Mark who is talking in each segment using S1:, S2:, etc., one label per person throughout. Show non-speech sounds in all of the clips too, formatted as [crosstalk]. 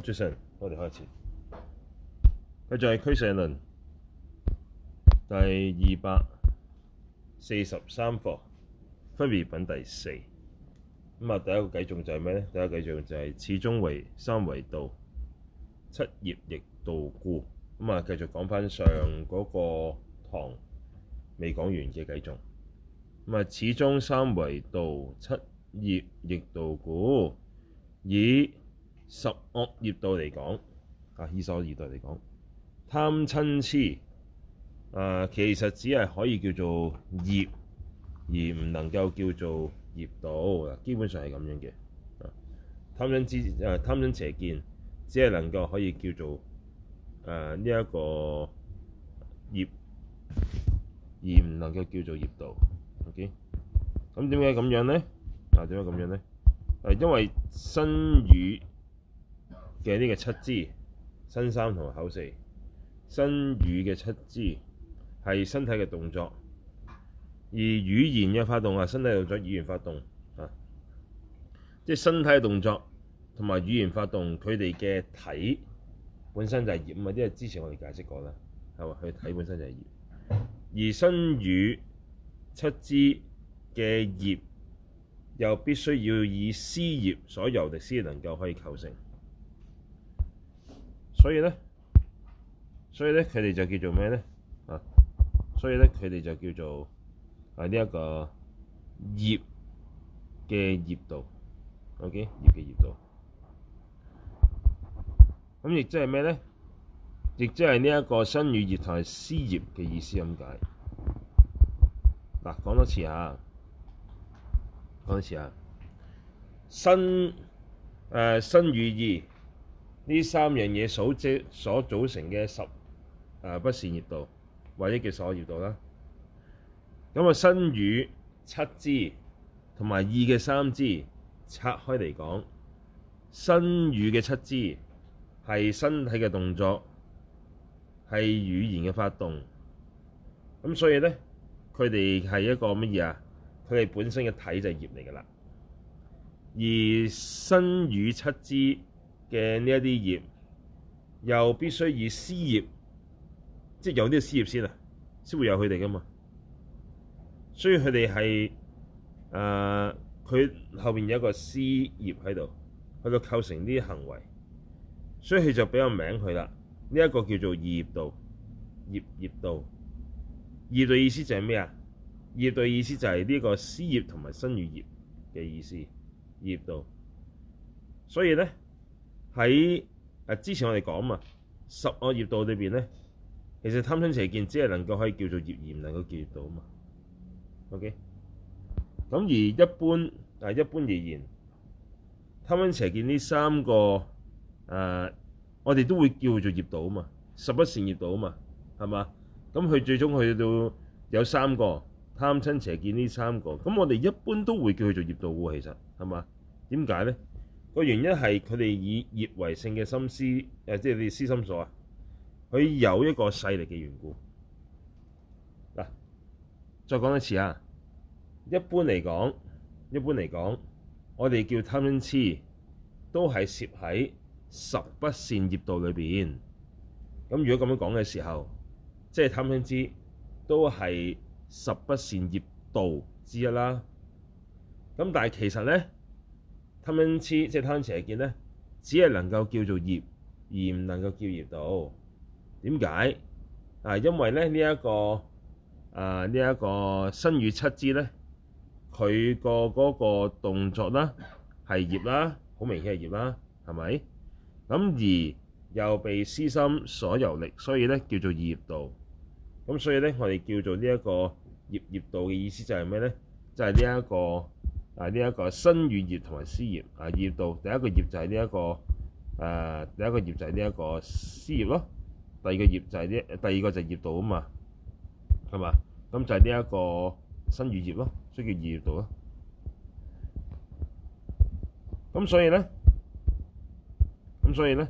S1: Jackson，我哋開始。繼續係俱舍論第二百四十三課《分別品》第四。咁啊，第一個偈頌就係咩咧？第一偈頌就係此中三唯道，七業亦道故。咁、嗯、啊，繼續講返上嗰個堂未講完嘅偈頌。咁、嗯、啊，此中三唯道，七業亦道故，以十惡業道嚟講，啊，依所業道嚟講，貪瞋痴啊，其實只係可以叫做業，而唔能夠叫做業道。嗱，基本上係咁樣嘅。貪瞋之誒，貪瞋、啊、邪見只係能夠可以叫做誒呢一個業，而唔能夠叫做業道。O K，咁點解咁樣咧？啊，點解咁樣咧？誒、啊，因為身語。嘅呢個七支，身三同口四，身語嘅七支係身體嘅動作，而語言嘅發動，係身體的動作、語言發動啊，即係身體動作同埋語言發動，佢哋嘅體本身就係業，因為之前我哋解釋過啦，係嘛？佢體本身就係業，而身語七支嘅業又必須要以思業所遊履先能夠可以構成。所以咧，所以咧，佢哋就叫做咩咧？啊，所以咧，佢哋就叫做係呢一個業嘅業道，OK，業嘅業道。咁亦即係咩咧？亦即係呢一個身語業同係思業嘅意思咁解。嗱、這個，講多次啊，講多次啊，身誒、呃、身語業。呢三樣嘢所即所組成嘅十不善業道，或者叫所業道啦。咁啊，身語七支同埋意嘅三支拆開嚟講，身語嘅七支係身體嘅動作，係語言嘅發動。咁所以咧，佢哋係一個乜嘢啊？佢哋本身嘅體就係業嚟㗎啦。而身語七支。嘅呢一啲業，又必須以思業，即係有呢個思業先啊，先會有佢哋噶嘛。所以佢哋係誒，佢、呃、後邊有一個思業喺度，喺度構成呢啲行為，所以佢就俾個名佢啦。呢、這、一個叫做業道，業業道。業道的意思就係咩啊？業道的意思就係呢個思業同埋身語業嘅意思，業道。所以咧。喺誒、啊、之前我哋講嘛，十惡業道裏邊咧，其實貪瞋邪見只係能夠可以叫做業，唔能夠叫業道啊嘛。OK，咁而一般誒、啊、一般而言，貪瞋邪見呢三個誒、啊，我哋都會叫做業道啊嘛，十不善業道啊嘛，係嘛？咁佢最終去到有三個貪瞋邪見呢三個，咁我哋一般都會叫佢做業道喎，其實係嘛？點解咧？個原因係佢哋以業為性嘅心思，即係你嘅思心所啊。佢有一個勢力嘅緣故。嗱，再講一次啊。一般嚟講，一般嚟講，我哋叫貪瞋痴，G，都係涉喺十不善業道裏面。咁如果咁樣講嘅時候，即係貪瞋痴，G、都係十不善業道之一啦。咁但係其實咧。貪瞋痴即係貪邪見咧，只係能夠叫做業，而唔能夠叫業道。點解？啊，因為咧呢一個啊呢一個身語七支咧，佢個嗰個動作啦係業啦，好明顯係業啦，係咪？咁而又被思心所遊履，所以咧叫做業道。咁所以咧我哋叫做呢一個業業道嘅意思就係咩咧？就係呢一個。啊！呢、這、一個身語業業同埋思業啊，業道第一個業就係呢一個啊，第一個業就係呢一個思業咯。第二個業就係、是、呢第二個就業道啊嘛，係嘛？咁就係呢一個身語業業咯，所以叫二業道咯。咁所以咧，咁所以咧，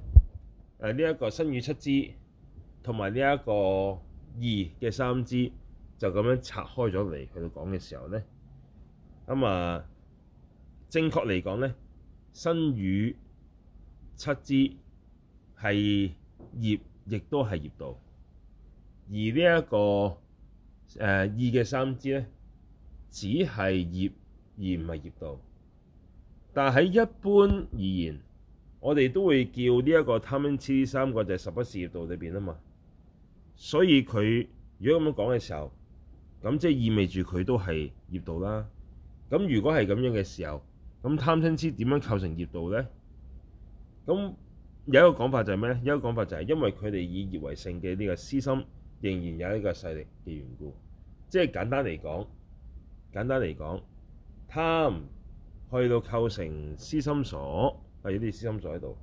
S1: 誒呢一個身語七支同埋呢一個二嘅三支就咁樣拆開咗嚟去講嘅時候咧，咁啊～正確嚟講咧，身語七支係業，亦都係業道。而呢一個誒二嘅三支咧，只係業而唔係業道。但喺一般而言，我哋都會叫呢一個貪、瞋、邪見三個就係十不善業道裏邊啊嘛。所以佢如果咁樣講嘅時候，咁即係意味住佢都係業道啦。咁如果係咁樣嘅時候，咁貪瞋痴點樣構成業道咧？咁有一個講法就係咩咧？有一個講法就係因為佢哋以業為性嘅呢個思心仍然有一個勢力嘅緣故，即係簡單嚟講簡單嚟講貪去到構成思心所係有啲思心所喺度，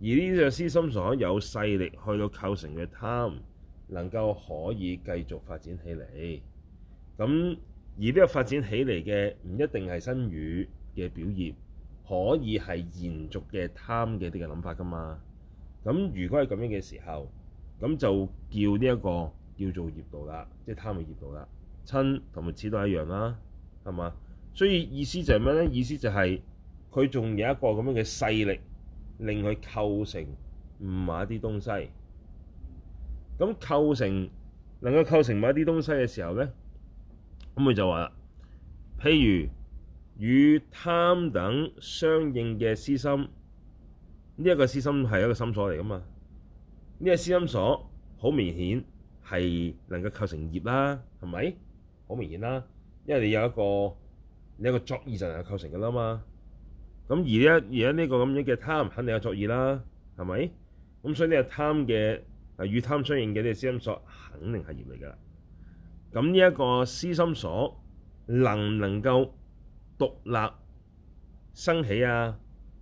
S1: 而呢啲思心所有勢力去到構成嘅貪能夠可以繼續發展起嚟。咁而呢個發展起嚟嘅唔一定係新語。嘅表現可以係延續嘅貪嘅啲嘅諗法㗎嘛？咁如果係咁樣嘅時候，咁就叫呢、這、一個叫做業道啦，即、就、係、是、貪嘅業道啦。瞋同埋癡都一樣啦，係嘛？所以意思就係咩咧？意思就係佢仲有一個咁樣嘅勢力，令佢構成某一啲東西。咁構成能夠構成某一啲東西嘅時候咧，咁佢就話啦，譬如。與貪等相應嘅思心，呢一個思心係一個心所嚟噶嘛？呢個思心所好明顯係能夠構成業啦，係咪好明顯啦？因為你有一個你一個作意就能夠構成噶啦嘛。咁而而呢個咁樣嘅貪肯定有作意啦，係咪？咁所以呢個貪嘅啊，與貪相應嘅呢個思心所肯定係業嚟噶啦。咁呢一個思心所能唔能夠獨立生起啊，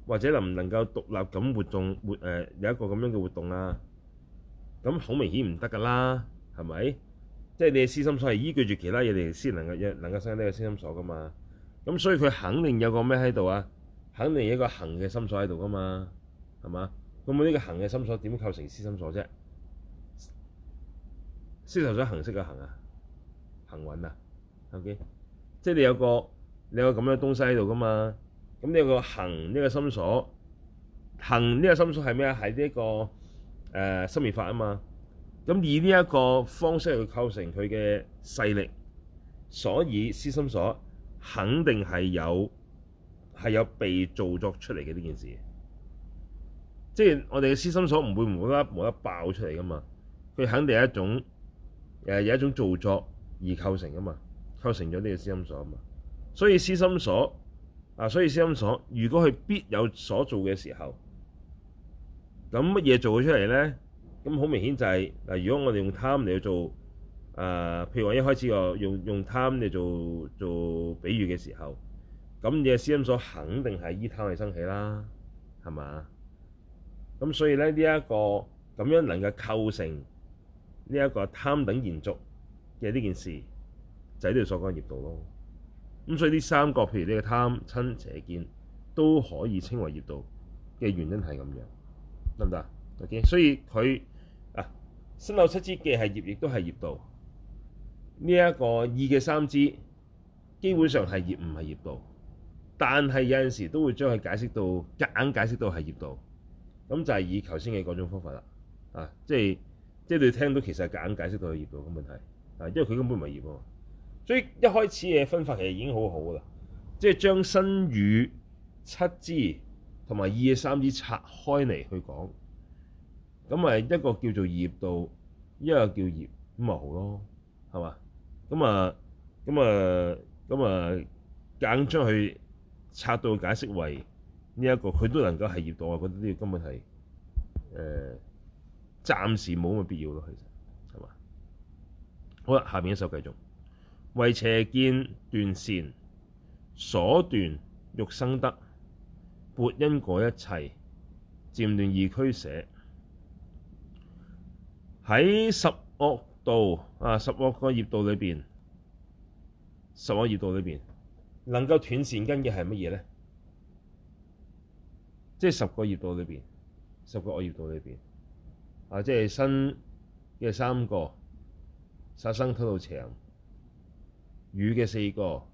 S1: 或者能唔能夠獨立咁活動活誒、呃、有一個咁樣嘅活動啊？咁好明顯唔得㗎啦，係咪？即係你嘅思心所係依據住其他嘢嚟先能夠讓能夠生呢個思心所㗎嘛？咁所以佢肯定有個咩喺度啊？肯定有一個行嘅心所喺度㗎嘛？係嘛？咁我呢個行嘅心所點構成思心所啫？思心所行式嘅行啊，行運啊，OK？即係你有個。你有咁樣東西喺度噶嘛？咁你有個行呢個心所行呢個心所係咩啊？係呢一個誒心滅法啊嘛。咁以呢一個方式去構成佢嘅勢力，所以思心所肯定係有係有被造作出嚟嘅呢件事。即係我哋嘅思心所唔會無啦啦無啦爆出嚟噶嘛。佢肯定係一種誒有一種造作而構成噶嘛，構成咗呢個思心所啊嘛。所以思心所啊，所以思心所，如果佢必有所做嘅時候，咁乜嘢做咗出嚟咧？咁好明顯就係、是、嗱，如果我哋用貪嚟去做啊、呃，譬如我一開始我用用貪嚟做做比喻嘅時候，咁嘅思心所肯定係依貪嚟生起啦，係嘛？咁所以咧呢一、這個咁樣能夠構成呢一個貪等延續嘅呢件事，就喺呢度所講嘅業道咯。咁所以呢三個，譬如呢個貪瞋邪見，都可以稱為業道嘅原因係咁樣，得唔得？OK，所以佢啊，身口七支嘅係業，亦都係業道。呢、這、一個二嘅三支，基本上係業唔係業道，但係有陣時都會將佢解釋到夾硬解釋到係業道。咁就係以頭先嘅嗰種方法啦。啊，即係即係你聽到其實係夾硬解釋到係業道嘅問題啊，因為佢根本唔係業。所以一開始嘅分法其實已經好好啦，即係將身語七支同埋二嘅三支拆開嚟去講，咁咪一個叫做業道，一個叫業，咁咪好咯，係嘛？咁啊，咁啊，咁啊，硬將佢拆到解釋為呢、這、一個，佢都能夠係業道，我覺得呢個根本係誒、呃、暫時冇咁嘅必要咯，其實係嘛？好啦，下面一首繼續。唯邪見斷善，所斷欲生得撥因果一切漸斷二俱捨喺十惡道啊！十惡個業道裏邊，十惡業道裏邊能夠斷善根嘅係乜嘢咧即係十個業道裏邊，十個惡業道裏邊啊！即係身嘅三個殺生偷盜搶。語嘅四個，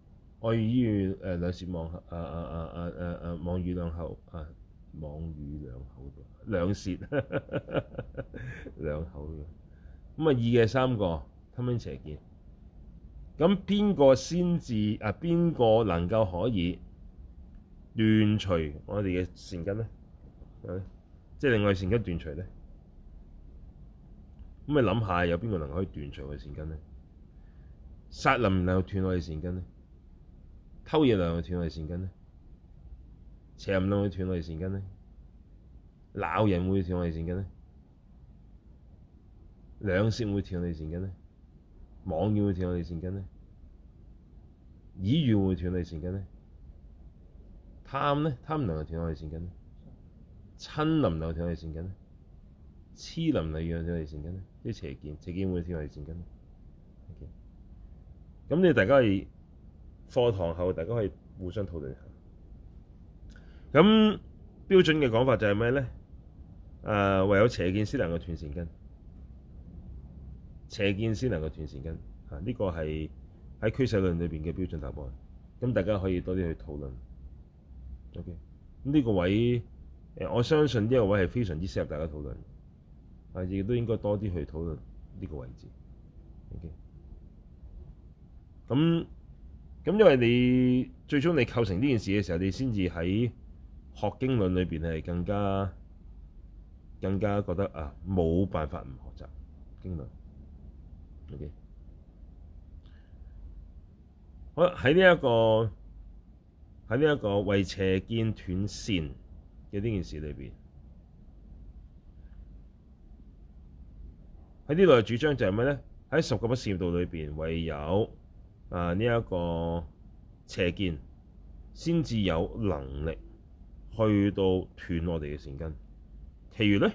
S1: 我以於誒兩舌、呃呃呃呃呃呃啊、妄啊啊啊啊啊語兩口啊，妄語兩口，兩舌兩口咁啊，二嘅三個，聽晚邪見。咁邊個先至啊？邊個能夠可以斷除我哋嘅善根咧？即係另外我哋善根斷除咧。咁你諗下，有邊個能夠可以斷除我哋善根咧？殺人會斷我哋善根咧？偷嘢會斷我哋善根咧？邪能會斷我哋善根咧？鬧人會斷我哋善根咧？兩舌會斷我哋善根咧？妄見會斷我哋善根咧？以欲會斷我哋善根咧？貪咧貪能唔能夠斷我哋善根咧？瞋能唔能夠斷我哋善根咧？痴能唔能夠斷我哋善根咧？啲邪見，邪見會斷我哋善根。咁你大家可以課堂後，大家可以互相討論下。咁標準嘅講法就係咩咧？唯有邪見先能夠斷善根，邪見先能夠斷善根。呢、啊這個係喺俱舍論裏邊嘅標準答案。咁大家可以多啲去討論。OK，咁呢個位我相信呢個位係非常之適合大家討論，亦、啊、都應該多啲去討論呢個位置。OK。咁咁，因為你最終你構成呢件事嘅時候，你先至喺學經論裏面係更加更加覺得啊，冇辦法唔學習經論。O.K. 好喺呢一個喺呢一個為邪見斷善嘅呢件事裏邊，喺呢度嘅主張就係咩咧？喺十個不善道裏面，唯有啊！呢、這、一個邪見先至有能力去到斷我哋嘅善根。其餘咧，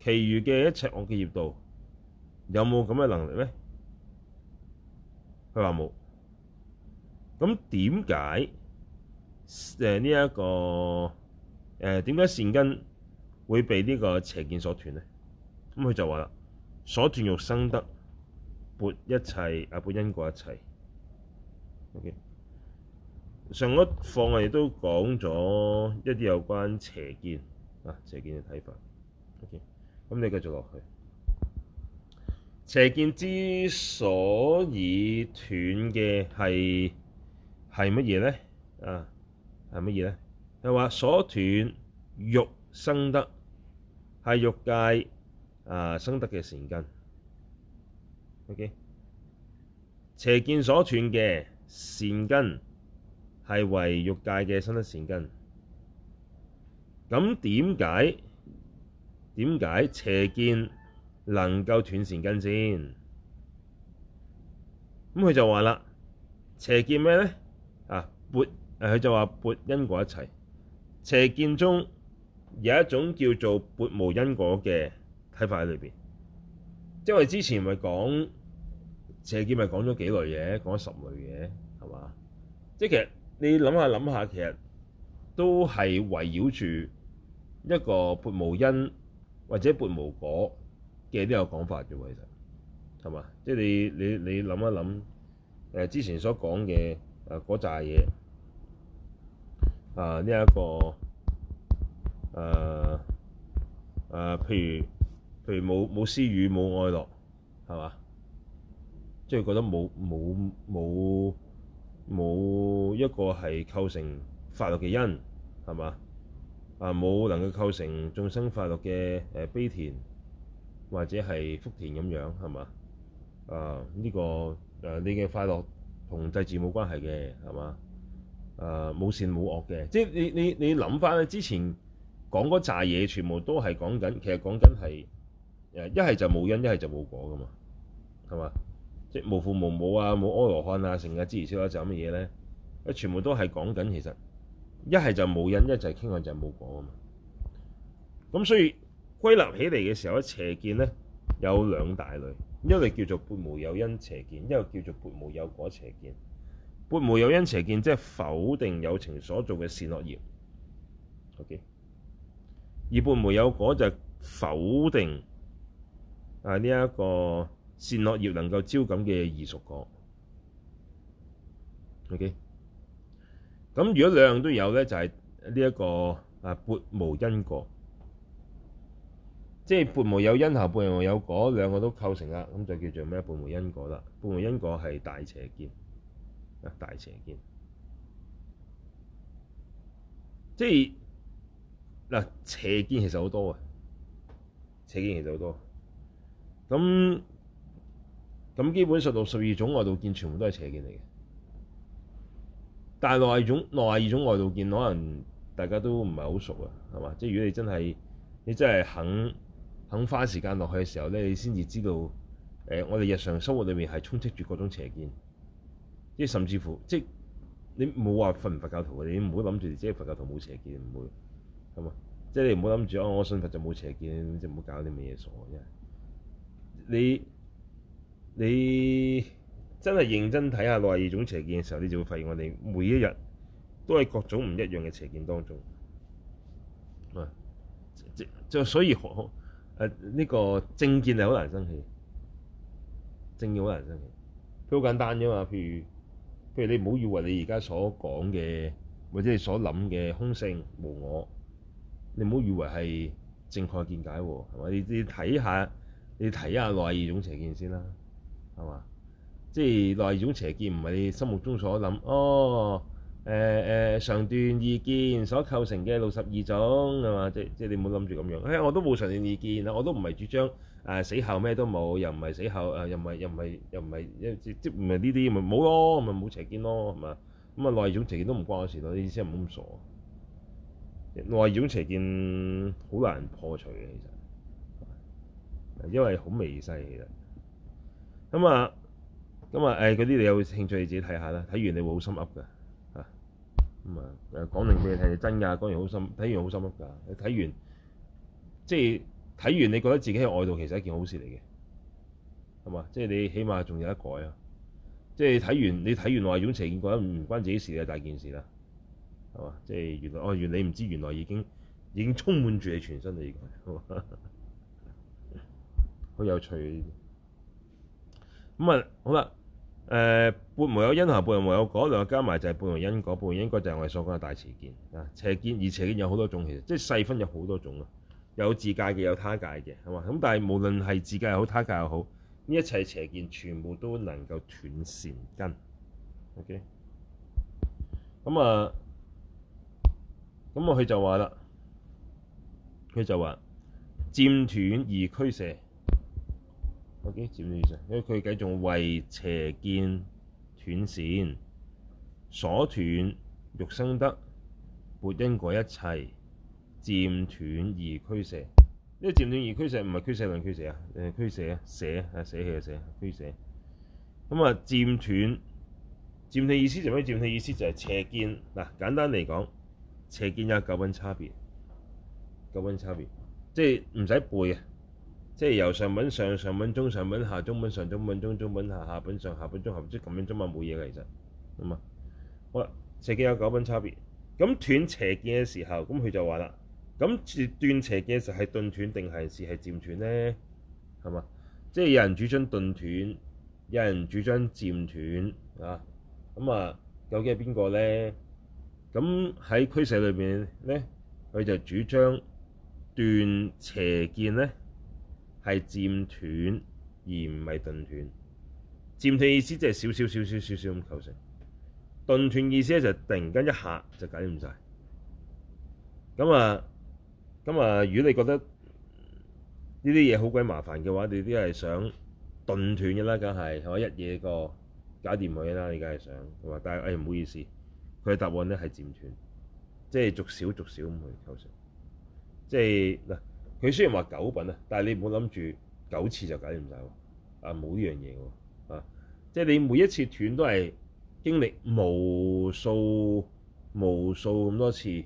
S1: 其餘嘅一切我嘅業道有冇咁嘅能力咧？佢話冇。咁點解呢一個誒點解善根會被呢個邪見所斷咧？咁佢就話啦：，所斷欲生得撥一切阿撥因果一切。O.K. 上一課我哋都講咗一啲有關邪見啊，邪見嘅睇法。O.K. 咁你繼續落去，邪見之所以斷嘅係係乜嘢咧？啊，係乜嘢咧？係話所斷欲生得係欲界啊生得嘅善根。O.K. 邪見所斷嘅。善根係為欲界嘅生得善根，咁點解點解邪見能夠斷善根先？咁佢就話啦，邪見咩咧？啊，撥，佢就話撥因果一切。邪見中有一種叫做撥無因果嘅睇法喺裏邊，因為之前咪講。邪見咪講咗幾類嘢，講咗十類嘢，係嘛？即其實你諗下諗下，其實都係圍繞住一個撥無因或者撥無果嘅都有講法嘅，其實係嘛？即你你你諗一諗、呃、之前所講嘅誒嗰扎嘢啊呢一個誒誒、呃呃、譬如譬如冇冇私語冇愛樂係嘛？即係覺得冇冇冇冇一個係構成快樂嘅因，係嘛？啊，冇能夠構成眾生快樂嘅誒悲田或者係福田咁樣，係嘛？啊，呢、這個誒、啊、你嘅快樂同祭祀冇關係嘅，係嘛？誒、啊、冇善冇惡嘅，即係你你你諗翻之前講嗰紮嘢，全部都係講緊，其實講緊係誒一係就冇因，一係就冇果噶嘛，係嘛？即係無父無母啊，冇阿羅漢啊，成日之餘少一就有乜嘢咧？全部都係講緊其實一係就冇因，一就係傾向就係冇果啊嘛。咁所以歸納起嚟嘅時候咧，邪見咧有兩大類，一個叫做撥無有因邪見，一個叫做撥無有果邪見。撥無有因邪見即係否定有情所做嘅善惡業。OK，而撥無有果就係否定啊呢一個。善惡業能夠招咁嘅異熟果，OK。咁如果兩樣都有咧，就係呢一個啊，撥無因果，即係撥無有因後撥無有果，兩個都構成啦，咁就叫做咩？撥無因果啦，撥無因果係大邪見啊，大邪見，即係嗱邪見其實好多啊，邪見其實好多，咁。咁基本上六十二種外道見全部都係邪見嚟嘅，但係內種內二種外道見可能大家都唔係好熟啊，係嘛？即係如果你真係你真係肯肯花時間落去嘅時候咧，你先至知道誒、呃，我哋日常生活裏面係充斥住各種邪見，即係甚至乎即係你冇話瞓佛教徒嘅，你唔好諗住只佛教徒冇邪見，唔會，係嘛？即係你唔好諗住啊，我信佛就冇邪見，你唔好搞啲咩嘢傻嘅，真係你。你真係認真睇下內二種邪見嘅時候，你就會發現我哋每一日都係各種唔一樣嘅邪見當中。啊，即即所以學誒呢個正見係好難生氣，正見好難生氣。佢好簡單啫嘛。譬如譬如你唔好以為你而家所講嘅或者你所諗嘅空性無我，你唔好以為係正確的見解喎，係咪？你你睇下，你睇下內二種邪見先啦。係嘛？即係內種邪見唔係你心目中所諗哦。誒、呃、誒，常斷意、呃、見所構成嘅六十二種係嘛？即即你唔好諗住咁樣。誒、欸，我都冇常斷意見啦，我都唔係主張誒、呃、死後咩都冇，又唔係死後誒、呃，又唔係又唔係又唔係即唔係呢啲，咪冇咯，咪冇邪見咯，係嘛？咁啊內種邪見都唔關我事咯。你意思係唔好咁傻？內種邪見好難破除嘅，其實，因為好微細其咁啊，咁啊、嗯，嗰啲你有興趣，你自己睇下啦。睇完你會好心噏㗎。啊，咁啊，誒講嚟俾你聽真㗎，講完好心，睇完好心噏㗎。你睇完，完，即係睇完你覺得自己喺外道其實係一件好事嚟嘅，係嘛？即係你起碼仲有一改啊！即係睇完你睇完我係永邪見過，覺得唔關自己事嘅大件事啦，係嘛？即係原來哦，原來你唔知原來已經已經充滿住你全身嚟，好有趣。咁啊，好啦，誒、呃，撥無有因行，撥無有果，兩加埋就係撥無因果，撥無因果就係我哋所講嘅大邪見啊，邪見而邪見有好多種其實，即係細分有好多種啊，有自界嘅，有他界嘅，係嘛？咁但係無論係自界又好，他界又好，呢一切邪見全部都能夠斷善根。OK，咁啊，咁啊，佢就話啦，佢就話，漸斷而俱捨。嗰啲漸斷意上，因為佢繼續為邪見斷線，所斷欲生得，撥因果一切，漸斷二俱捨。因為漸斷二俱捨唔係俱捨定係俱捨啊？定係俱捨啊？捨啊，捨棄啊，捨，俱捨。咁啊，漸斷漸嘅意思，做咩漸嘅意思就邪見？就係邪見嗱，簡單嚟講，邪見有九品差別，九品差別，即係唔使背啊。即係由上品上上品中上品下中品上中品中中品下下品上，下品中，下品下，即係咁樣中冇嘢嘅其實咁啊。好啦，邪見有九品差別，咁斷邪見嘅時候，咁佢就話啦，咁斷邪見嘅時候係頓斷定係是係漸斷咧，係嘛？即係有人主張頓斷，有人主張漸斷啊。咁啊，究竟係邊個咧？咁喺俱舍裏邊咧，佢就主張斷邪見咧。係漸斷而唔係頓斷。漸斷意思即係少少少少少少咁構成。頓斷意思咧就突然間一下就解唔晒。咁啊咁啊，如果你覺得呢啲嘢好鬼麻煩嘅話，你都係想頓斷嘅啦，梗係我一嘢個搞掂佢啦，你梗係想。但係誒唔好意思，佢嘅答案咧係漸斷，即係逐少逐少咁去構成，即係嗱。佢雖然話九品啊，但係你唔好諗住九次就搞掂晒喎，啊冇呢樣嘢喎，啊即係你每一次斷都係經歷無數無數咁多次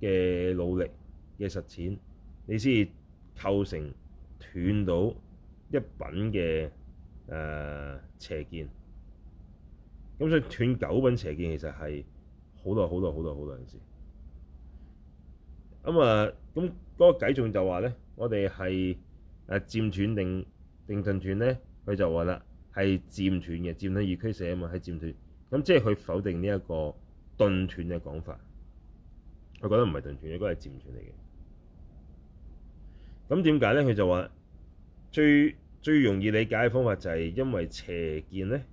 S1: 嘅努力嘅實踐，你先構成斷到一品嘅誒、呃、邪見，咁所以斷九品邪見其實係好耐好耐好耐好耐嘅事，咁啊。咁嗰個偈頌就話咧，我哋係誒漸斷定定頓斷咧，佢就話啦，係漸斷嘅，漸斷二俱捨啊嘛，係漸斷。咁即係佢否定呢一個頓斷嘅講法，佢覺得唔係頓斷，應該係漸斷嚟嘅。咁點解咧？佢就話最最容易理解嘅方法就係因為邪見咧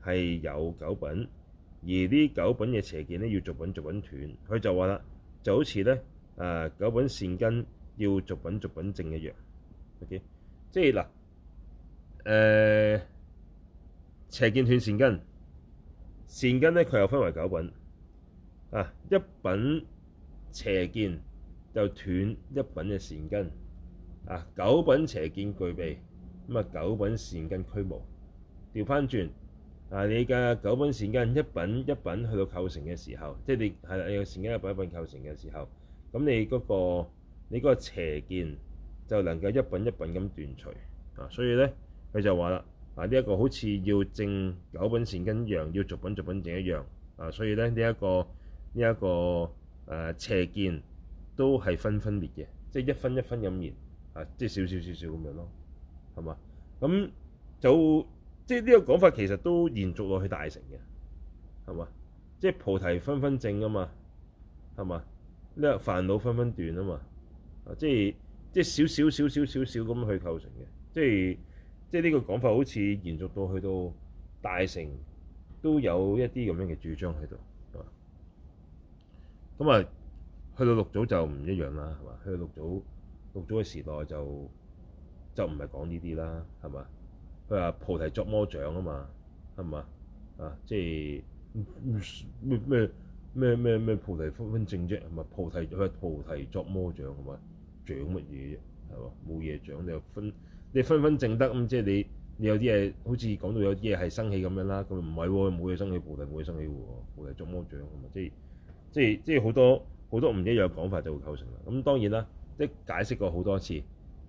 S1: 係有九品，而呢九品嘅邪見咧要逐品逐品斷，佢就話啦，就好似咧。誒、啊、九品善根要逐品逐品證一樣，OK，即係嗱誒邪見斷善根，善根咧佢又分為九品啊。一品邪見就斷一品嘅善根啊。九品邪見具備咁啊，九品善根驅無調翻轉啊！你嘅九品善根一品一品去到構成嘅時候，即係你係啊善根一品一品構成嘅時候。咁你嗰個你嗰個邪見就能夠一品一品咁斷除啊！所以咧佢就話啦啊，呢一個好似要證九品善根一樣，要逐品逐品證一樣啊！所以咧呢一個呢一個誒邪見都係分分裂嘅，即係一分一分咁滅啊，即係少少少少咁樣咯，係嘛？咁就即係呢個講法其實都延續落去大乘嘅，係嘛？即係菩提分分證啊嘛，係嘛？呢煩惱分分斷啊嘛，啊即係即係少少少少少少咁去構成嘅，即係即係呢個講法好似延續到去到大成都有一啲咁樣嘅主張喺度，咁啊去到六祖就唔一樣啦，係嘛？去到六祖六祖嘅時代就就唔係講呢啲啦，係嘛？佢話菩提作魔掌啊嘛，係嘛？啊即係咩咩？咩咩咩菩提分分正啫，係咪？菩提，唔係菩提作魔掌。係咪？掌乜嘢啫？係喎，冇嘢掌。你又分，你分分正得咁，即係你你有啲嘢，好似講到有啲嘢係生氣咁樣啦。咁唔係喎，冇嘢生氣，菩提冇嘢生氣喎，菩提作魔掌。係咪、嗯？即係即係即係好多好多唔一樣講法就會構成啦。咁當然啦，即係解釋過好多次，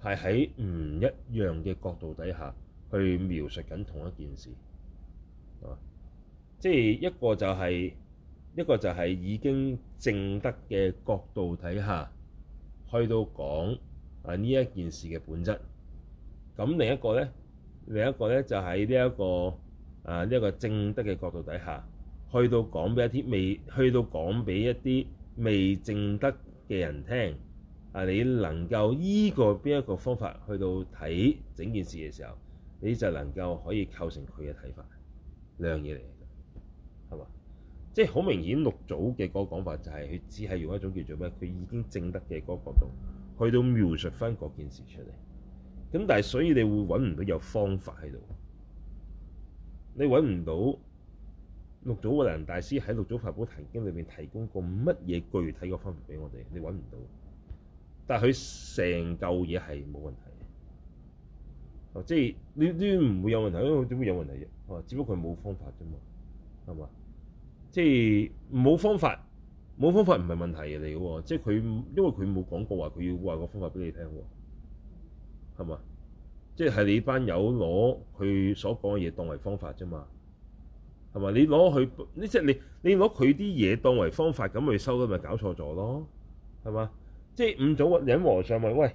S1: 係喺唔一樣嘅角度底下去描述緊同一件事，係嘛？即係一個就係、是。一個就係已經正德嘅角度底下去到講啊呢一件事嘅本質，咁另一個呢，另一個呢，就喺呢一個啊呢一個正德嘅角度底下去到講俾一啲未去到講俾一啲未正德嘅人聽，啊你能夠依個邊一個方法去到睇整件事嘅時候，你就能夠可以構成佢嘅睇法，兩樣嘢嚟。即係好明顯，六祖嘅嗰個講法就係佢只係用一種叫做咩？佢已經證得嘅嗰個角度去到描述翻嗰件事出嚟。咁但係所以你會揾唔到有方法喺度，你揾唔到六祖惠能大師喺六祖法寶壇經裏面提供過乜嘢具體嘅方法俾我哋？你揾唔到。但係佢成嚿嘢係冇問題。嘅、啊。即係呢呢唔會有問題，因為點會有問題啫、啊？只不過佢冇方法啫嘛，係嘛？即係冇方法，冇方法唔係問題嚟嘅喎。即係佢，因為佢冇講過話，佢要話個方法俾你聽喎，係嘛？即係你班友攞佢所講嘅嘢當為方法啫嘛，係嘛？你攞佢，你即係你，你攞佢啲嘢當為方法，咁去收咪搞錯咗咯，係嘛？即係五祖忍和尚問，喂，誒、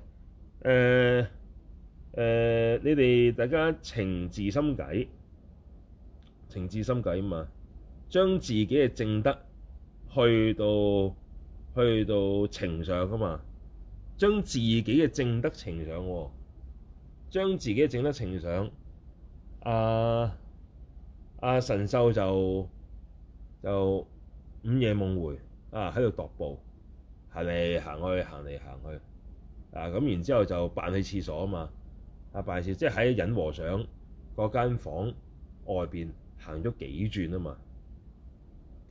S1: 呃、誒、呃，你哋大家情志心計，情志心計啊嘛？將自己嘅正德去到去到呈上噶嘛？將自己嘅正德呈上喎，哦，將自己嘅正德呈上，啊啊神秀就就午夜夢回啊喺度踱步，係咪行去行嚟行去啊？咁然之後就扮去廁所啊嘛，啊！拜設即係喺忍和尚嗰間房外面行咗幾轉啊嘛～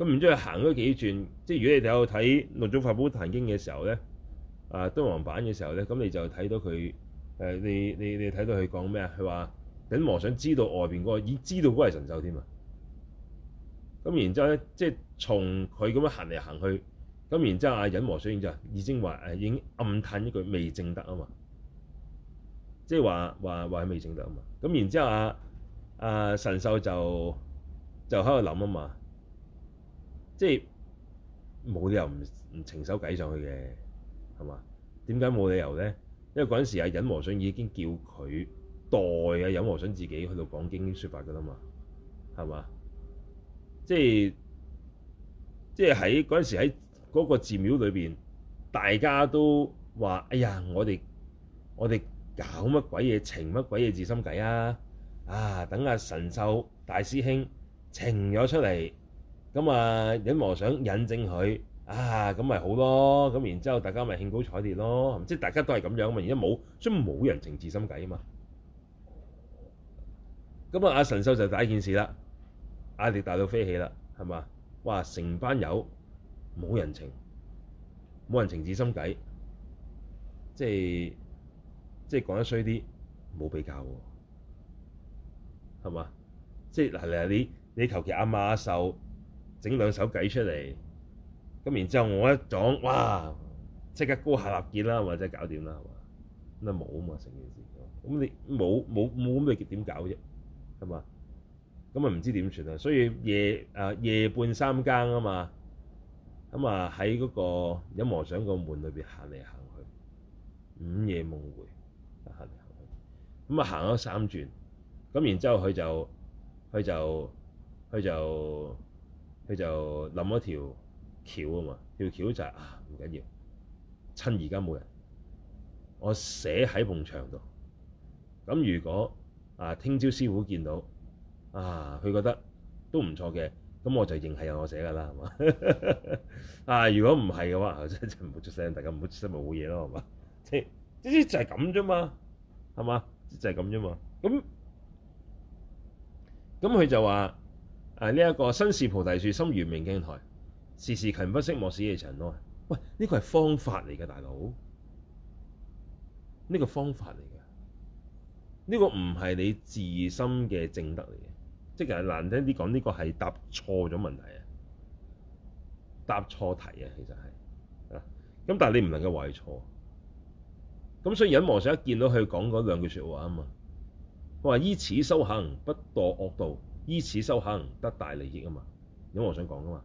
S1: 咁然之後行咗幾轉，即係如果你喺度睇《六祖法寶壇經》嘅時候咧，啊敦煌版嘅時候咧，咁你就睇到佢誒，你你你睇到佢講咩啊？佢話隱和尚知道外邊嗰個已經知道嗰係神秀添啊！咁然之後咧，即係從佢咁樣行嚟行去，咁然之後啊隱和尚已經就已經話已經暗嘆一句未證得啊嘛，即係話話話佢未證得啊嘛。咁然之後啊，啊神秀就就喺度諗啊嘛。即係冇理由唔唔情手計上去嘅，係嘛？點解冇理由咧？因為嗰陣時阿忍和尚已經叫佢代啊忍和尚自己去到講經説法噶啦嘛，係嘛？即係即係喺嗰陣時喺嗰個寺廟裏邊，大家都話，哎呀，我哋我哋搞乜鬼嘢情乜鬼嘢自心計啊！啊，等阿神秀大師兄情咗出嚟。咁啊！因為我想引證佢啊，咁咪好咯。咁然之後，大家咪興高采烈咯，即係大家都係咁樣嘛。而家冇，所以冇人情、自心計啊嘛。咁啊，阿神秀就第一件事啦，壓力大到飛起啦，係嘛？哇！成班友冇人情，冇人情、自心計，即係即係講得衰啲，冇比較喎，係嘛？即係嗱，你你求其阿馬阿秀。整兩首偈出嚟，咁然之後我一撞，哇！即刻高下立見啦，或者搞掂啦，係嘛？咁啊冇啊嘛，成件事咁你冇冇冇咁你點搞啫？係嘛？咁啊唔知點算啊？所以夜啊、呃、夜半三更啊嘛，咁啊喺嗰個陰摩想個門裏邊行嚟行去，午夜夢回，行嚟行去，咁啊行咗三轉，咁然之後佢就佢就佢就。佢就諗咗條橋、就係、啊嘛，條橋就係啊唔緊要，趁而家冇人，我寫喺埲牆度。咁如果啊聽朝師傅見到啊，佢覺得都唔錯嘅，咁我就認係由我寫噶啦，係嘛？ [laughs] 啊，如果唔係嘅話，真係唔好出聲，大家唔好出聲冇好嘢咯，係嘛？即係即係就係咁啫嘛，係嘛？就係咁啫嘛。咁咁佢就話。係呢一個身是菩提樹，心如明鏡台，時時勤不息，莫使惹塵埃。喂，呢、這個係方法嚟嘅，大佬，呢、這個方法嚟嘅，呢、這個唔係你自心嘅正德嚟嘅，即係難聽啲講，呢個係答錯咗問題啊，答錯題啊，其實係啊，咁但係你唔能夠話係錯，咁所以忍和尚一見到佢講嗰兩句説話啊嘛，佢話依此修行，不墮惡道。依此修行，得大利益啊嘛，因為我想講啊嘛，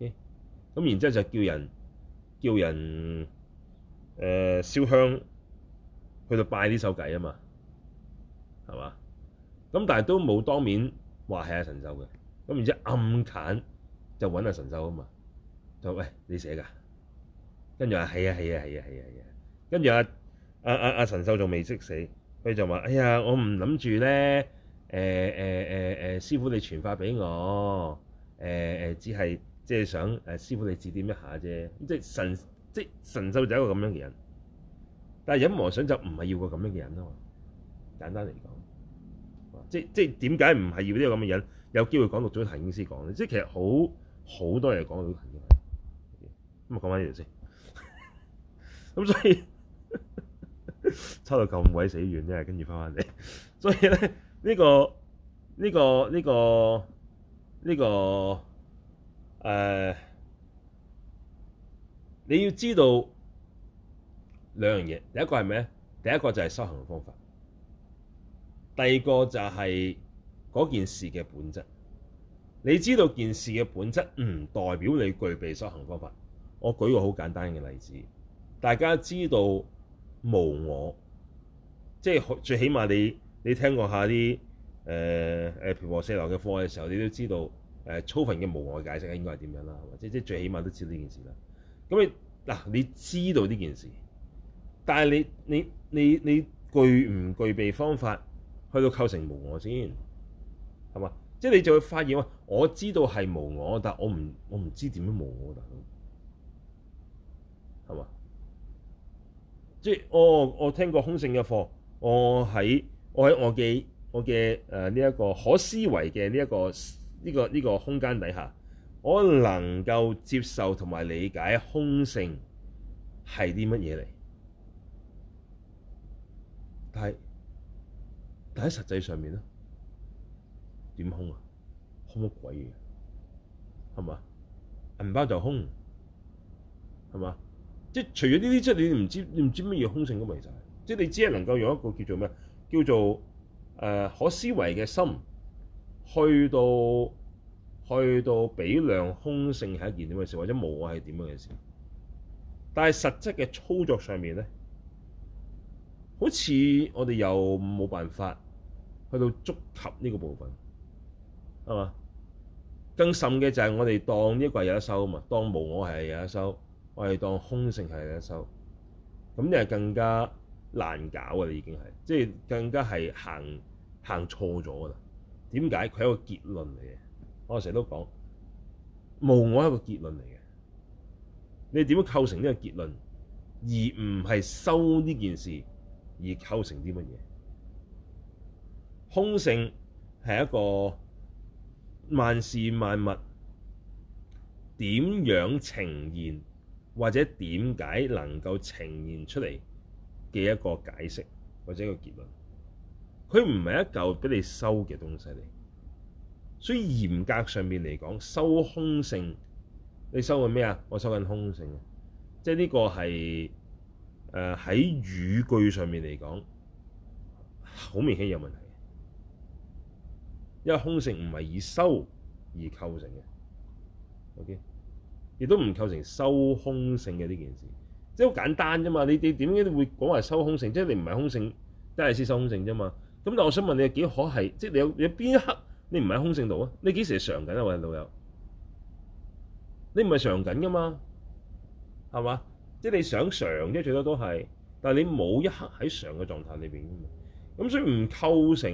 S1: 咁、OK？然之後就叫人叫人誒、呃、燒香去到拜呢首偈啊嘛，係嘛？咁但係都冇當面話係阿神秀嘅，咁然之後暗揀就揾阿神秀啊嘛，就喂你寫噶，跟住話係啊係啊係啊係啊係啊，啊，跟住阿阿阿阿神秀仲未識死，佢就話哎呀我唔諗住咧。誒誒誒誒，師傅你傳發俾我，誒、欸、誒，只係即係想誒、欸、師傅你指點一下啫。即係神，即係神秀就係一個咁樣嘅人，但係陰魔想就唔係要個咁樣嘅人啊嘛。簡單嚟講，即即係點解唔係要呢個咁嘅人？有機會講到咗行經師講，即係其實好好多人講到咁。咁啊，我講翻呢條先。咁所以抽到咁鬼死遠啫，跟住翻翻嚟。所以咧。呢個呢個呢個呢個誒、呃，你要知道兩樣嘢，第一個係咩？第一個就係修行方法，第二個就係嗰件事嘅本質。你知道件事嘅本質唔代表你具備修行方法。我舉個好簡單嘅例子，大家知道無我，即係最起碼你。你聽過一下啲誒誒平和四郎嘅課嘅時候，你都知道誒、呃、粗分嘅無我解釋應該係點樣啦，或者即係最起碼都知道呢件事啦。咁你嗱、啊，你知道呢件事，但係你你你你，你具唔具備方法去到構成無我先係嘛？即、即係、你就會發現話，我知道係無我，但我唔我唔知點樣無、就是、我，大佬係嘛？即哦，我聽過空性嘅課，我喺我喺我嘅我嘅誒呢一個可思維嘅呢一個呢個呢個空間底下，我能夠接受同埋理解空性係啲乜嘢嚟？但係但喺實際上面咧，點空啊？空乜鬼嘢啊？係嘛？銀包就空係嘛？即係除咗呢啲，即係你唔知你唔知乜嘢空性都就係。即係你只係能夠用一個叫做咩？叫做誒、呃、可思維嘅心，去到去到比量空性係一件點嘅事，或者無我係點樣嘅事。但係實質嘅操作上面咧，好似我哋又冇辦法去到觸及呢個部分，係嘛？更甚嘅就係我哋當呢一季有得收啊嘛，當無我係有得收，我哋當空性係有得收，咁就更加。難搞嘅、啊、你已經係，即係更加係行行錯咗嘅啦。點解？佢係一個結論嚟嘅。我成日都講，無我係一個結論嚟嘅。你點樣構成呢個結論，而唔係修呢件事而構成啲乜嘢？空性係一個萬事萬物點樣呈現，或者點解能夠呈現出嚟？嘅一個解釋或者一個結論，佢唔係一嚿俾你收嘅東西嚟，所以嚴格上面嚟講，收空性，你收緊咩啊？我收緊空性嘅，即係呢個係誒喺語句上面嚟講，好明顯有問題，因為空性唔係以收而構成嘅，OK，亦都唔構成收空性嘅呢件事。即係好簡單啫嘛，你你點解會講話收空性？即係你唔係空性，即係接收空性啫嘛。咁但我想問你幾可係，即係你有有邊一刻你唔喺空性度啊？你幾時係常緊啊？喂老友，你唔係常緊噶嘛，係嘛？即係你想常，即最多都係，但係你冇一刻喺常嘅狀態裏邊。咁所以唔構成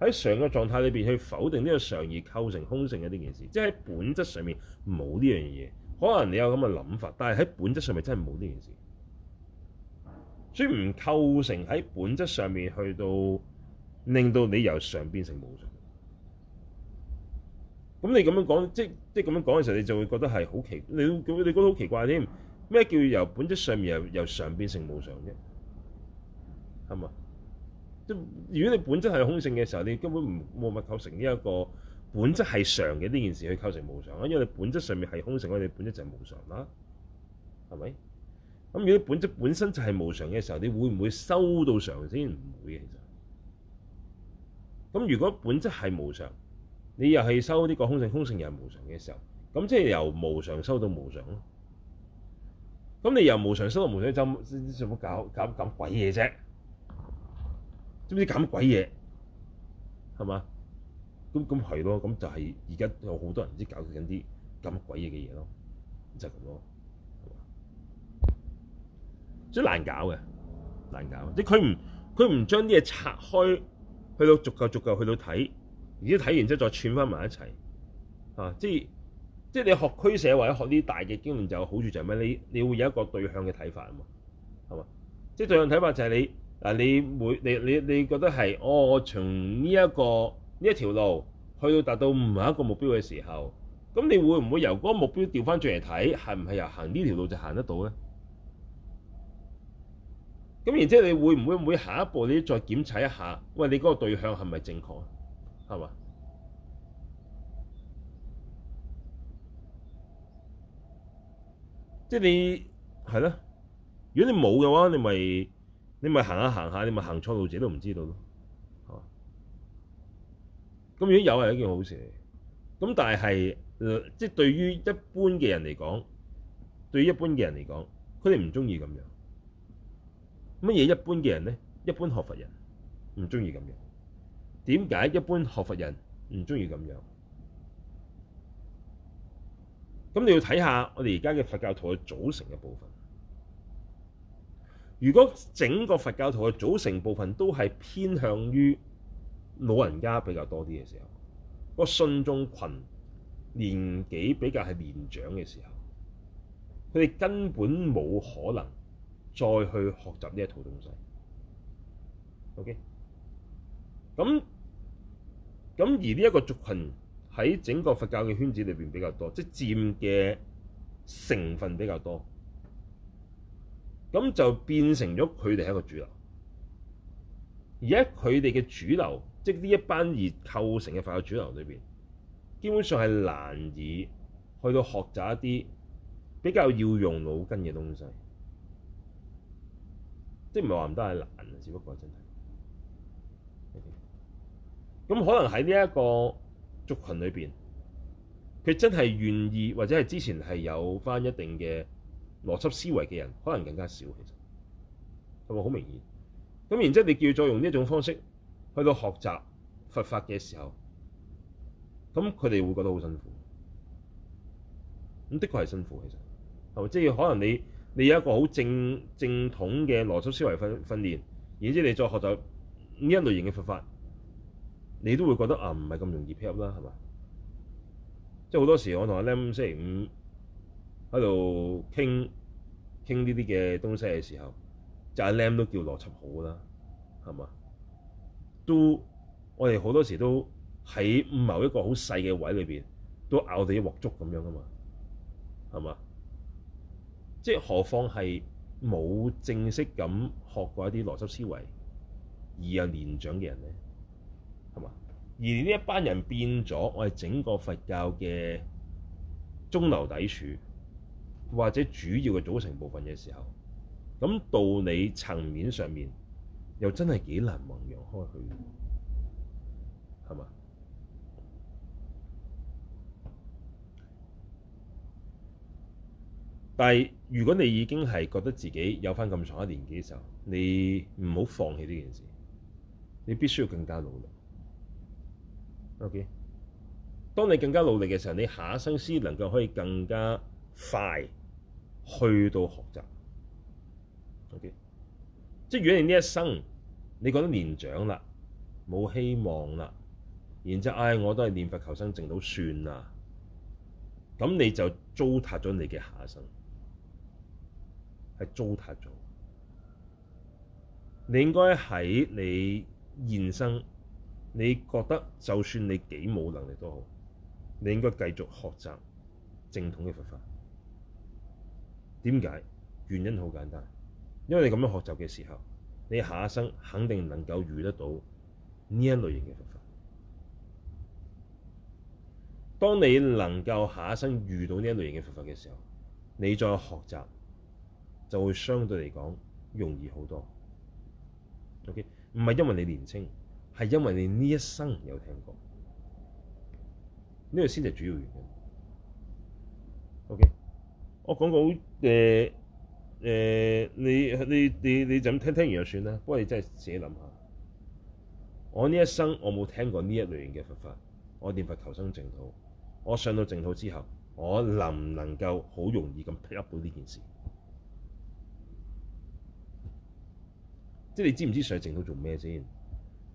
S1: 喺常嘅狀態裏邊去否定呢個常而構成空性嘅呢件事，即係喺本質上面冇呢樣嘢。可能你有咁嘅諗法，但係喺本質上面真係冇呢件事，所以唔構成喺本質上面去到令到你由上變成無常。咁你咁樣講，即即咁樣講嘅時候，你就會覺得係好奇怪你，你你覺得好奇怪添？咩叫由本質上面由由常變成無常啫？係嘛？即如果你本質係空性嘅時候，你根本唔冇乜構成呢、這、一個。本質係常嘅呢件事，去構成無常啊！因為你本質上面係空性，我哋本質就係無常啦，係咪？咁如果本質本身就係無常嘅時候，你會唔會收到常先？唔會嘅其實。咁如果本質係無常，你又係收呢個空性，空性又係無常嘅時候，咁即係由無常收到無常咯。咁你由無常收到無常，就做乜搞搞搞鬼嘢啫？
S2: 知唔知搞乜鬼嘢？
S1: 係嘛？咁咁係咯，咁就係而家有好多人唔知搞緊啲咁鬼嘢嘅嘢咯，就係咁咯，即係難搞嘅，難搞。即係佢唔佢唔將啲嘢拆開，去到逐個逐個去到睇，而且睇完之後再串翻埋一齊，啊，即係即係你學俱舍或者學啲大嘅經論就有好處就係咩？你你會有一個對向嘅睇法啊嘛，係嘛？即係對向睇法就係你嗱，你每你你你覺得係哦，我從呢一個。呢一條路去到達到某一個目標嘅時候，咁你會唔會由嗰個目標調翻轉嚟睇，係唔係由行呢條路就行得到咧？咁然之後，你會唔會唔會下一步你再檢查一下，餵你嗰個對象係咪正確？係嘛？即係你係咯。如果你冇嘅話，你咪你咪行下行下，你咪行錯路者都唔知道咯。咁如果有係一件好事嚟，咁但係係即係對於一般嘅人嚟講，對於一般嘅人嚟講，佢哋唔中意咁樣。乜嘢一般嘅人咧？一般學佛人唔中意咁樣。點解一般學佛人唔中意咁樣？咁你要睇下我哋而家嘅佛教徒嘅組成嘅部分。如果整個佛教徒嘅組成部分都係偏向於……老人家比較多啲嘅時候，嗰個信眾群年紀比較係年長嘅時候，佢哋根本冇可能再去學習呢一套東西。OK，咁咁而呢一個族群喺整個佛教嘅圈子裏面比較多，即係佔嘅成分比較多，咁就變成咗佢哋係一個主流。而家佢哋嘅主流。即係呢一班而構成嘅教育主流裏邊，基本上係難以去到學習一啲比較要用腦筋嘅東西。即係唔係話唔得，係難啊，只不過真係。咁可能喺呢一個族群裏邊，佢真係願意或者係之前係有翻一定嘅邏輯思維嘅人，可能更加少。其實係咪好明顯？咁然之後，你叫再用呢一種方式，去到學習佛法嘅時候，咁佢哋會覺得好辛苦，咁的確係辛苦其實，係咪？即係可能你你有一個好正正統嘅邏輯思維訓訓練，然之後你再學習呢一類型嘅佛法，你都會覺得啊，唔係咁容易 pick up 啦，係咪？即係好多時我同阿 Lam 星期五喺度傾傾呢啲嘅東西嘅時候，就係 Lam 都叫邏輯好啦，係嘛？都我哋好多時都喺某一個好細嘅位裏邊都咬到一鑊粥咁樣啊嘛，係嘛？即係何況係冇正式咁學過一啲邏輯思維而又年長嘅人咧，係嘛？而呢一班人變咗，我哋整個佛教嘅中流砥柱或者主要嘅組成部分嘅時候，咁道理層面上面，又真係幾難望養開去，係嘛？但係如果你已經係覺得自己有翻咁長嘅年紀嘅時候，你唔好放棄呢件事，你必須要更加努力。OK，當你更加努力嘅時候，你下一生先能夠可以更加快去到學習。OK，即係如果你呢一生，你覺得年長啦，冇希望啦，然之後唉，我都係念佛求生，淨土算啦。咁你就糟蹋咗你嘅下生，係糟蹋咗。你應該喺你現生，你覺得就算你幾冇能力都好，你應該繼續學習正統嘅佛法。點解？原因好簡單，因為你咁樣學習嘅時候，你下一生肯定能夠遇得到呢一類型嘅佛法。當你能夠下一生遇到呢一類型嘅佛法嘅時候，你再學習就會相對嚟講容易好多。OK，唔係因為你年輕，係因為你呢一生有聽過，呢個先係主要原因。OK，我講過好誒。呃誒、呃、你你你你就咁聽聽完就算啦。不過你真係自己諗下，我呢一生我冇聽過呢一類型嘅佛法，我念佛求生淨土。我上到淨土之後，我能唔能夠好容易咁 pick up 到呢件事？即係你知唔知上去淨土做咩先？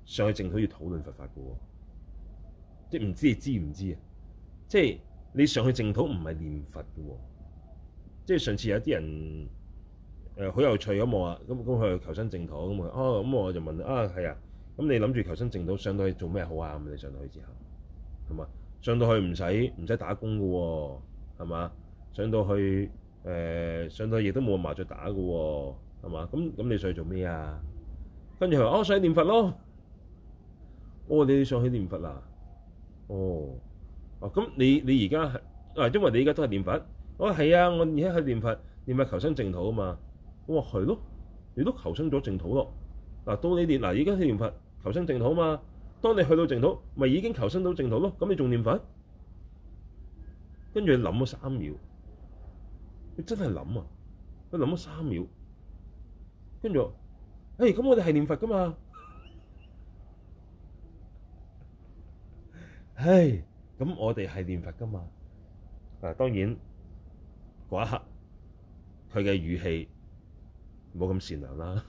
S1: 上去淨土要討論佛法㗎喎，即係唔知你知唔知啊？即係你上去淨土唔係念佛㗎喎，即係上次有啲人。好、嗯、有趣咁我啊。咁咁佢求生淨土，咁咁、哦、我就問啊係啊，咁、啊、你諗住求生淨土上到去做咩好啊？咁你上到去之後，係嘛？上到去唔使唔使打工㗎喎，係嘛？上到去、呃、上到亦都冇麻雀打㗎喎，係嘛？咁咁你上去做咩啊？跟住佢話哦上去念佛咯，哦，你上去念佛啦、啊，哦，咁、哦、你你而家係啊，因為你而家都係念佛，哦，係啊，我而家去念佛，念佛求生淨土啊嘛。我話係咯，你都求生咗淨土咯。嗱，到你念嗱，而家去念佛求生淨土嘛。當你去到淨土，咪已經求生到淨土咯。咁你仲念佛？跟住你諗咗三秒，你真係諗啊！你諗咗三秒，跟住，唉、哎，咁我哋係念佛噶嘛？唉、哎，咁我哋係念佛噶嘛？嗱，當然嗰一刻佢嘅語氣，冇咁善良啦，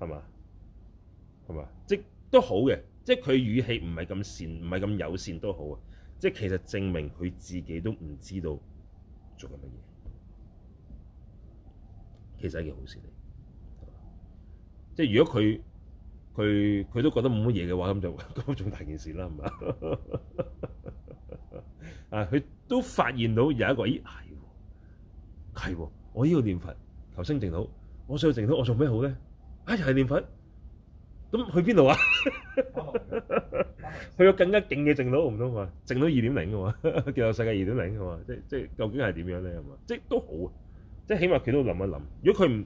S1: 係嘛？ [laughs] 係嘛？即都好嘅，即佢語氣唔係咁善，唔係咁友善都好啊！即其實證明佢自己都唔知道做緊乜嘢，其實係一件好事嚟。即如果佢佢佢都覺得冇乜嘢嘅話，咁就咁仲大件事啦，係嘛？ [laughs] 啊，佢都發現到有一個咦？係喎，我呢度念佛求生淨土，我想去淨土我做咩好咧？啊，又係念佛，咁、哎、去邊度啊？ [laughs] [laughs] 去咗更加勁嘅淨土唔通嘛？淨土二點零嘅嘛，叫做 [laughs] 世界二點零嘅嘛？即即究竟係點樣咧？係嘛？即都好啊，即起碼佢都諗一諗。如果佢唔，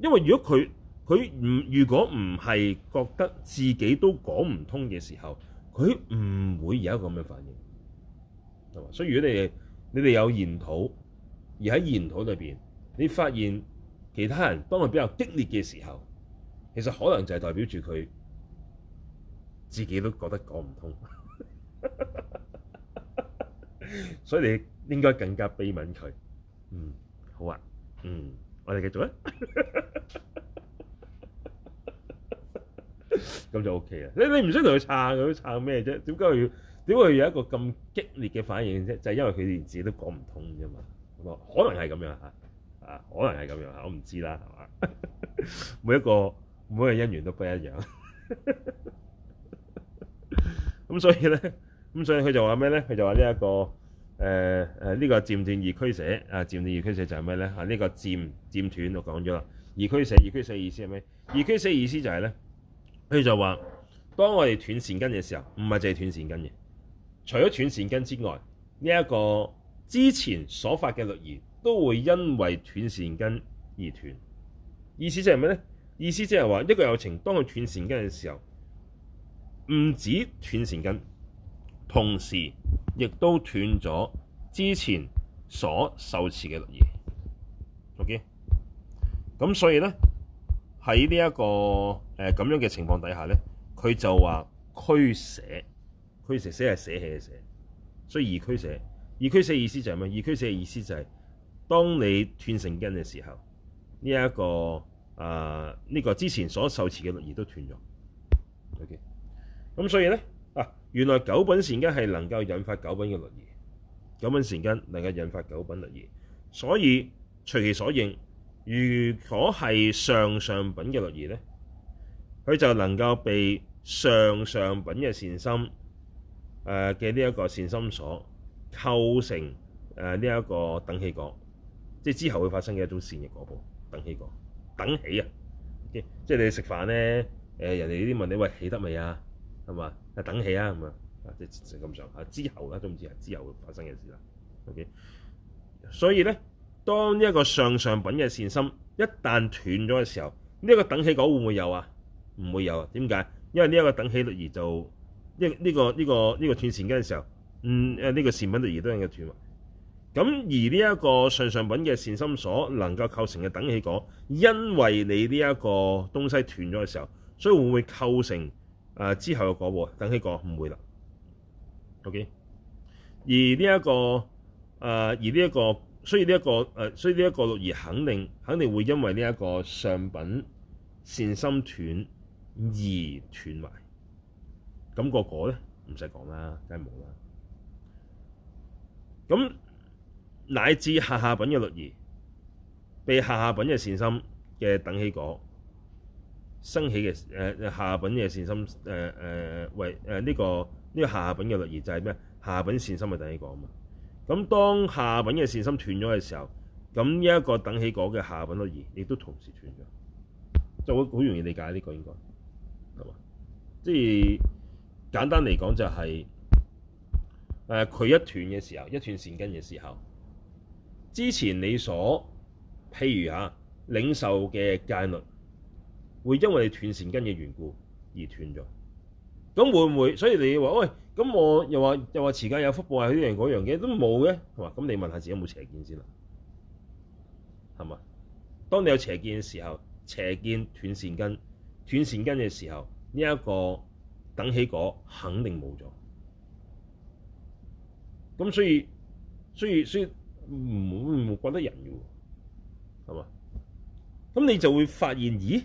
S1: 因為如果佢佢唔如果唔係覺得自己都講唔通嘅時候，佢唔會有一個咁嘅反應，係嘛？所以如果你哋你哋有研討。而喺研討裏邊，你發現其他人當佢比較激烈嘅時候，其實可能就係代表住佢自己都覺得講唔通， [laughs] [laughs] 所以你應該更加悲憫佢。嗯，好啊，嗯，我哋繼續啊，咁就 OK 啦。你你唔想同佢撐，佢撐咩啫？點解要點解要有一個咁激烈嘅反應啫？就係、是、因為佢連自己都講唔通啫嘛。可能係咁樣吓，啊，可能係咁樣吓，我唔知啦，係嘛，每一個每一個因緣都不一樣。咁 [laughs] 所以咧，咁所以佢就話咩咧？佢就話呢一個誒誒呢個漸斷二俱捨啊，漸斷二俱捨就係咩咧？啊，漸就呢啊、這個漸漸斷我講咗啦，二俱捨二俱捨嘅意思係咩？二俱捨嘅意思就係咧，佢就話當我哋斷善根嘅時候，唔係淨係斷善根嘅，除咗斷善根之外，呢、這、一個。之前所發嘅律儀都會因為斷善根而斷，意思即係咩咧？意思即係話一個有情當佢斷善根嘅時候，唔止斷善根，同時亦都斷咗之前所受持嘅律儀。Ok，咁所以咧喺呢一，這個誒咁，呃、樣嘅情況底下咧，佢就話俱捨，俱捨寫係捨棄嘅捨，所以而俱捨。二俱捨，意思就係、是、咩？二俱捨嘅意思就係、是，當你斷善根嘅時候，呢、這、一個啊呢、呃這個之前所受持嘅律儀都斷咗。OK，咁所以咧啊，原來九品善根係能夠引發九品嘅律儀，九品善根能夠引發九品律儀。所以隨其所應，如果係上上品嘅律儀咧，佢就能夠被上上品嘅善心誒嘅呢一個善心所。構成誒呢一個等起果，即係之後會發生嘅一種善嘅果報。等起果。等起啊！OK？即係你食飯咧，誒人哋呢啲問你喂起得未啊？係嘛，係等起啊！係嘛，即成咁上下之後啦、啊，唔知係之後會發生嘅事啦。OK？所以咧，當呢一個上上品嘅善心一旦斷咗嘅時候，呢、這、一個等起果會唔會有啊？唔會有啊！點解？因為呢一個等起而就因呢、這個呢、這個呢、這個這個斷善根嘅時候。嗯，誒、這、呢個善品律儀都應該斷埋，咁而呢一個上上品嘅善心所能夠構成嘅等起果，因為你呢一個東西斷咗嘅時候，所以會唔會構成誒、呃、之後嘅果，果等起果唔會啦。OK，而呢、這、一個誒、呃、而呢、這、一個，所以呢、這、一個誒、呃，所以呢一個律儀肯定肯定會因為呢一個上品善心斷而斷埋。咁、那個果咧，唔使講啦，梗係冇啦。咁乃至下下品嘅律儀，被下下品嘅善心嘅等起果升起嘅誒、呃、下下品嘅善心誒誒為誒呢個呢、這個下下品嘅律儀就係咩？下下品善心嘅等起果啊嘛！咁當下下品嘅善心斷咗嘅時候，咁一個等起果嘅下下品律儀亦都同時斷咗，就係好容易理解呢、這個應該係嘛？即係、就是、簡單嚟講就係、是。誒佢、啊、一斷嘅時候，一斷善根嘅時候，之前你所譬如嚇領受嘅戒律，會因為你斷善根嘅緣故而斷咗。咁會唔會？所以你話喂，咁、哎、我又話又話持戒有福報，有呢樣嗰樣嘅都冇嘅，係嘛？咁你問下自己有冇邪見先啦，係嘛？當你有邪見嘅時候，邪見斷善根，斷善根嘅時候，呢、這、一個等起果肯定冇咗。咁所以，所以所以唔唔覺得人嘅喎，係嘛？咁你就會發現，咦？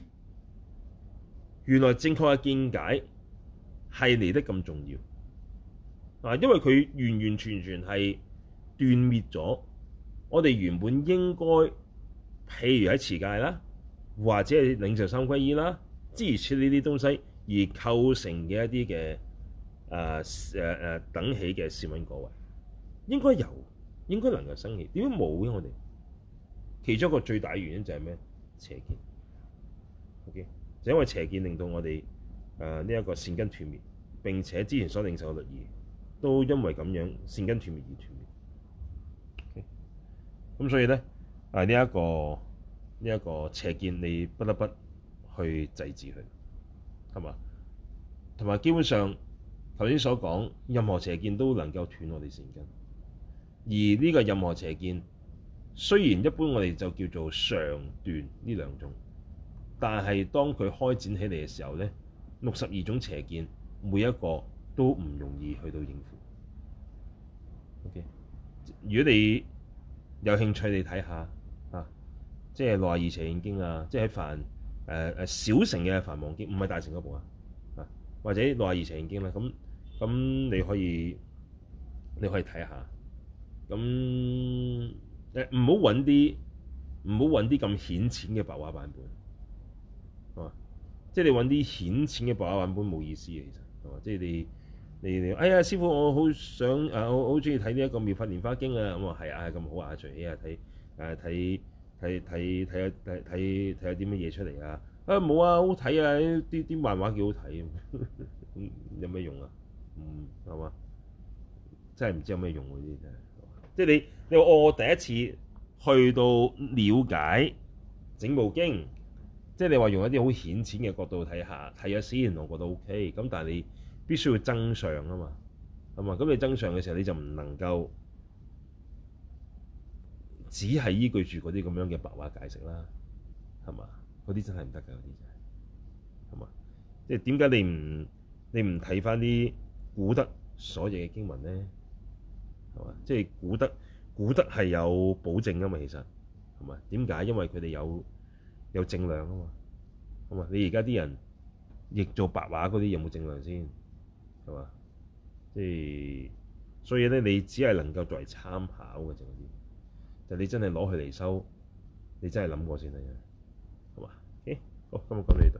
S1: 原來正確嘅見解係嚟得咁重要啊！因為佢完完全全係斷滅咗我哋原本應該，譬如喺詞界啦，或者係領受三皈依啦，之類似呢啲東西而構成嘅一啲嘅誒誒誒等起嘅市民個位。應該有，應該能夠生起。點解冇嘅？我哋其中一個最大原因就係咩？邪見。OK，就因為邪見令到我哋誒呢一個善根斷滅。並且之前所領受嘅律儀，都因為咁樣善根斷滅而斷滅。OK，咁所以咧誒呢一個，呃，呢一個邪見，你不得不去制止佢。係嘛？同埋基本上頭先所講，任何邪見都能夠斷我哋善根。而呢個任何邪見，雖然一般我哋就叫做常斷呢兩種，但係當佢開展起嚟嘅時候咧，六十二種邪見，每一個都唔容易去到應付。OK，如果你有興趣，你睇下啊，即係《六十二邪見經》啊，即係凡誒誒、呃、小乘嘅《梵網經》不是，唔係大乘嗰部啊，啊或者《六十二邪見經》啦，咁咁你可以你可以睇下。咁誒，唔好揾啲唔好揾啲咁顯淺嘅白話版本，係嘛？即係你揾啲顯淺嘅白話版本冇意思嘅，其實係嘛？即係你你，你，哎呀，師傅，我好想，啊，我好中意睇呢一個《妙法蓮花經》啊！咁話係啊，係咁好啊，最起啊睇誒睇睇睇睇睇睇啲乜嘢出嚟啊？冇啊，啊，啊，啊，好睇啊！啲啲漫畫幾好睇，咁 [laughs] 有咩用啊？唔係嘛？真係唔知有咩用啲、啊即係你，你話我第一次去到了解整部經，即係你話用一啲好顯淺嘅角度睇下，睇下先，我覺得 OK。咁但係你必須要增上啊嘛，係嘛？咁你增上嘅時候，你就唔能夠只係依據住嗰啲咁樣嘅白話解釋啦，係嘛？嗰啲真係唔得㗎，嗰啲真係，係嘛？即係點解你唔你唔睇翻啲古德所有嘅經文咧？係嘛？即係估得估得係有保證噶嘛？其實係咪？點解？因為佢哋有有正量啊嘛。咁啊，你而家啲人譯做白話嗰啲有冇正量先？係嘛？即係所以咧，你只係能夠作為參考嘅啫啲。就是，你真係攞佢嚟收，你真係諗過先得嘅。係嘛？咦？好，咁我講到呢度。